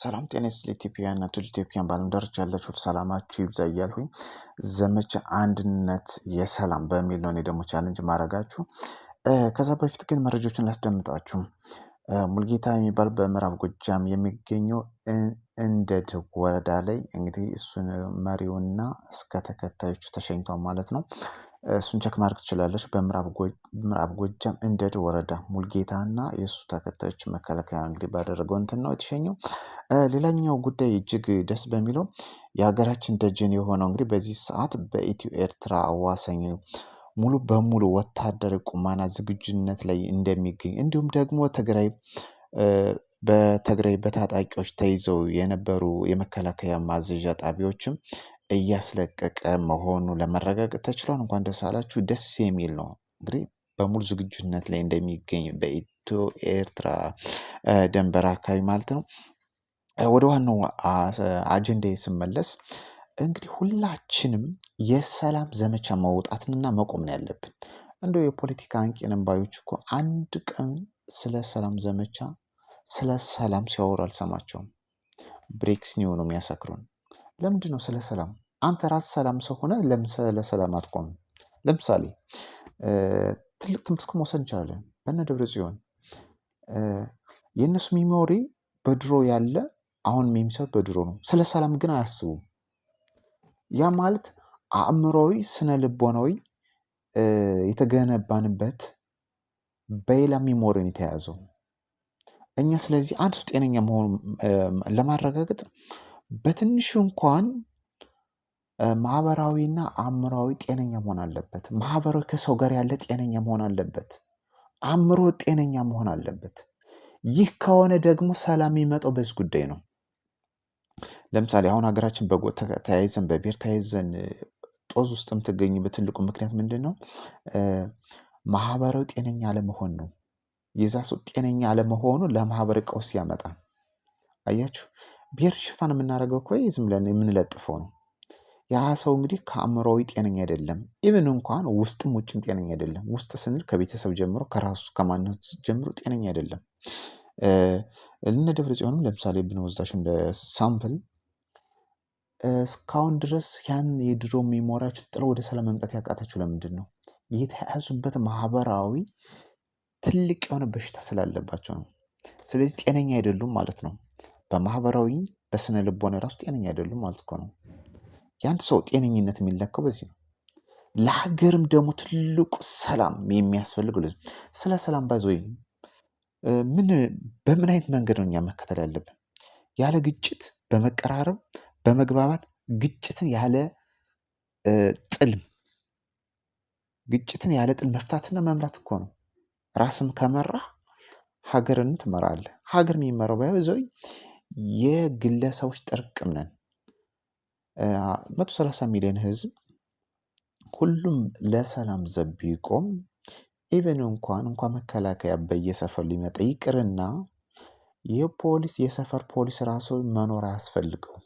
ሰላም ጤና ስለ ኢትዮጵያውያን እና ቱል ኢትዮጵያን በዓለም ደረጃ ያላችሁት ሰላማችሁ ይብዛ እያልኩኝ ዘመቻ አንድነት የሰላም በሚል ነው እኔ ደግሞ ቻለንጅ ማድረጋችሁ። ከዛ በፊት ግን መረጃዎችን ላስደምጣችሁ። ሙልጌታ የሚባል በምዕራብ ጎጃም የሚገኘው እንደድ ወረዳ ላይ እንግዲህ እሱን መሪውና እስከ ተከታዮቹ ተሸኝቷል ማለት ነው። እሱን ቸክ ማድረግ ትችላለች። በምዕራብ ጎጃም እንደድ ወረዳ ሙልጌታ እና የእሱ ተከታዮች መከላከያ እንግዲህ ባደረገው እንትን ነው የተሸኘው። ሌላኛው ጉዳይ እጅግ ደስ በሚለው የሀገራችን ደጀን የሆነው እንግዲህ በዚህ ሰዓት በኢትዮ ኤርትራ አዋሰኝ ሙሉ በሙሉ ወታደር ቁማና ዝግጁነት ላይ እንደሚገኝ እንዲሁም ደግሞ ትግራይ በትግራይ በታጣቂዎች ተይዘው የነበሩ የመከላከያ ማዘዣ ጣቢያዎችም እያስለቀቀ መሆኑ ለመረጋገጥ ተችሏል። እንኳን ደስ አላችሁ። ደስ የሚል ነው። እንግዲህ በሙሉ ዝግጁነት ላይ እንደሚገኝ በኢትዮ ኤርትራ ደንበር አካባቢ ማለት ነው። ወደ ዋናው አጀንዳ ስመለስ እንግዲህ ሁላችንም የሰላም ዘመቻ መውጣትንና መቆም ነው ያለብን። እንደው የፖለቲካ አንቂነን ባዮች እኮ አንድ ቀን ስለ ሰላም ዘመቻ ስለ ሰላም ሲያወሩ አልሰማቸውም። ብሬክስ ኒው ነው የሚያሰክሩን። ለምንድን ነው ስለ ሰላም አንተ ራስ ሰላም ሰው ሆነ ለምን ሰላም አትቆምም? ለምሳሌ ትልቅ ትምህርት እኮ መውሰድ እንችላለን። በነ ደብረ ጽዮን የእነሱ ሚሞሪ በድሮ ያለ አሁን የሚሰሩት በድሮ ነው። ስለ ሰላም ግን አያስቡም። ያ ማለት አእምሮዊ ስነ ልቦናዊ የተገነባንበት በሌላ ሚሞሪን የተያዘው እኛ ስለዚህ አንድ ሰው ጤነኛ መሆኑን ለማረጋገጥ በትንሹ እንኳን ማህበራዊና አእምሮዊ ጤነኛ መሆን አለበት። ማህበራዊ ከሰው ጋር ያለ ጤነኛ መሆን አለበት። አእምሮ ጤነኛ መሆን አለበት። ይህ ከሆነ ደግሞ ሰላም የሚመጣው በዚህ ጉዳይ ነው። ለምሳሌ አሁን ሀገራችን በጎ ተያይዘን በብሔር ተያይዘን ጦዝ ውስጥ የምትገኝበት በትልቁ ምክንያት ምንድን ነው? ማህበራዊ ጤነኛ አለመሆን ነው። የዛ ሰው ጤነኛ አለመሆኑ ለማህበር ቀውስ ያመጣል። አያችሁ ብሔር ሽፋን የምናደርገው እኮ ዝም ብለን የምንለጥፈው ነው። ያ ሰው እንግዲህ ከአእምሮዊ ጤነኛ አይደለም። ኢብን እንኳን ውስጥም ውጭም ጤነኛ አይደለም። ውስጥ ስንል ከቤተሰብ ጀምሮ ከራሱ ከማንነት ጀምሮ ጤነኛ አይደለም። እነ ደብረ ጽዮንም ለምሳሌ ብንወዛሽ እንደ ሳምፕል እስካሁን ድረስ ያን የድሮ ሜሞሪያቸው ጥሎ ወደ ሰላም መምጣት ያቃታቸው ለምንድን ነው? የተያዙበት ማህበራዊ ትልቅ የሆነ በሽታ ስላለባቸው ነው። ስለዚህ ጤነኛ አይደሉም ማለት ነው። በማህበራዊ በስነ ልቦና ራሱ ጤነኛ አይደሉም ማለት እኮ ነው። የአንድ ሰው ጤነኝነት የሚለካው በዚህ ነው። ለሀገርም ደግሞ ትልቁ ሰላም የሚያስፈልግ ስለ ሰላም ባይዘ ምን በምን አይነት መንገድ ነው እኛ መከተል ያለብን? ያለ ግጭት በመቀራረብ በመግባባት ግጭትን ያለ ጥልም ግጭትን ያለ ጥል መፍታትና መምራት እኮ ነው። ራስም ከመራ ሀገርን ትመራለ። ሀገር የሚመራው ባይሆን ዘው የግለሰቦች ጥርቅም ነን። መቶ ሰላሳ ሚሊዮን ህዝብ ሁሉም ለሰላም ዘብ ቢቆም ኢቨን እንኳን እንኳን መከላከያ በየሰፈሩ ሊመጣ ይቅርና የፖሊስ የሰፈር ፖሊስ ራሱ መኖር አያስፈልገውም።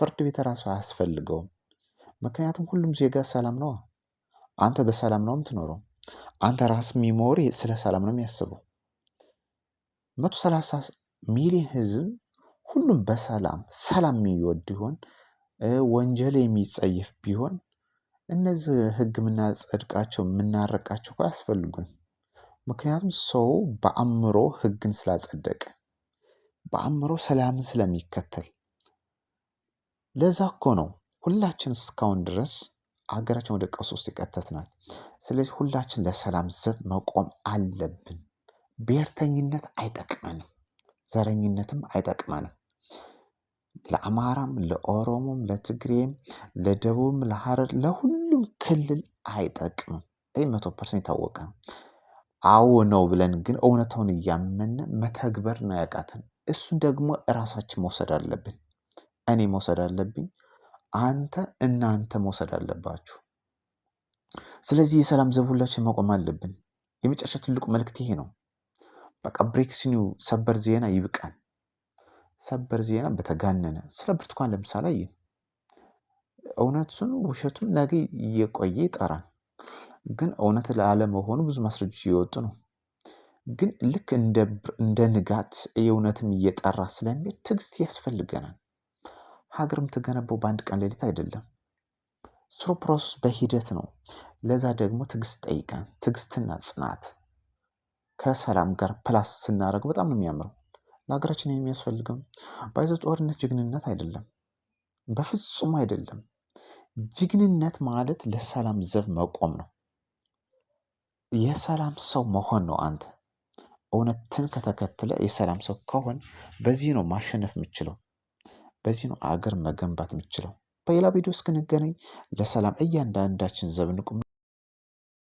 ፍርድ ቤት ራሱ አያስፈልገውም። ምክንያቱም ሁሉም ዜጋ ሰላም ነው። አንተ በሰላም ነው የምትኖረው። አንተ ራስ የሚሞር ስለ ሰላም ነው የሚያስበው። መቶ ሰላሳ ሚሊዮን ህዝብ ሁሉም በሰላም ሰላም የሚወድ ቢሆን ወንጀል የሚጸየፍ ቢሆን እነዚህ ህግ የምናጸድቃቸው የምናረቃቸው እኮ አያስፈልጉም። ምክንያቱም ሰው በአእምሮ ህግን ስላጸደቀ በአእምሮ ሰላምን ስለሚከተል ለዛ እኮ ነው ሁላችን እስካሁን ድረስ አገራችን ወደ ቀውስ ውስጥ ይቀተትናል። ስለዚህ ሁላችን ለሰላም ዘብ መቆም አለብን። ብሔርተኝነት አይጠቅመንም፣ ዘረኝነትም አይጠቅመንም። ለአማራም፣ ለኦሮሞም፣ ለትግሬም፣ ለደቡብም፣ ለሀረር ለሁሉ ለሁሉም ክልል አይጠቅምም ይህ መቶ ፐርሰንት የታወቀ ነው። አዎ ነው ብለን ግን እውነታውን እያመን መተግበር ነው ያቃተን። እሱን ደግሞ እራሳችን መውሰድ አለብን። እኔ መውሰድ አለብኝ። አንተ እናንተ መውሰድ አለባችሁ። ስለዚህ የሰላም ዘብ ሁላችን መቆም አለብን። የመጨረሻ ትልቁ መልእክት ይሄ ነው። በቃ ብሬክስ ኒው ሰበር ዜና ይብቃን። ሰበር ዜና በተጋነነ ስለ ብርቱካን ለምሳሌ እውነቱን ውሸቱም ነገ እየቆየ ይጠራል። ግን እውነት ላለመሆኑ ብዙ ማስረጃ እየወጡ ነው። ግን ልክ እንደ ንጋት የእውነትም እየጠራ ስለሚሄድ ትዕግስት ያስፈልገናል። ሀገርም ትገነባው በአንድ ቀን ሌሊት አይደለም። ስሮ ፕሮሰስ በሂደት ነው። ለዛ ደግሞ ትዕግስት ጠይቀን ትዕግስትና ጽናት ከሰላም ጋር ፕላስ ስናደርግ በጣም ነው የሚያምረው። ለሀገራችን የሚያስፈልገው ባይዘ ጦርነት ጀግንነት አይደለም፣ በፍጹም አይደለም። ጀግንነት ማለት ለሰላም ዘብ መቆም ነው። የሰላም ሰው መሆን ነው። አንተ እውነትን ከተከተለ የሰላም ሰው ከሆን በዚህ ነው ማሸነፍ የምችለው። በዚህ ነው አገር መገንባት የምችለው። በሌላ ቪዲዮ እስክንገናኝ ለሰላም እያንዳንዳችን ዘብ እንቁም።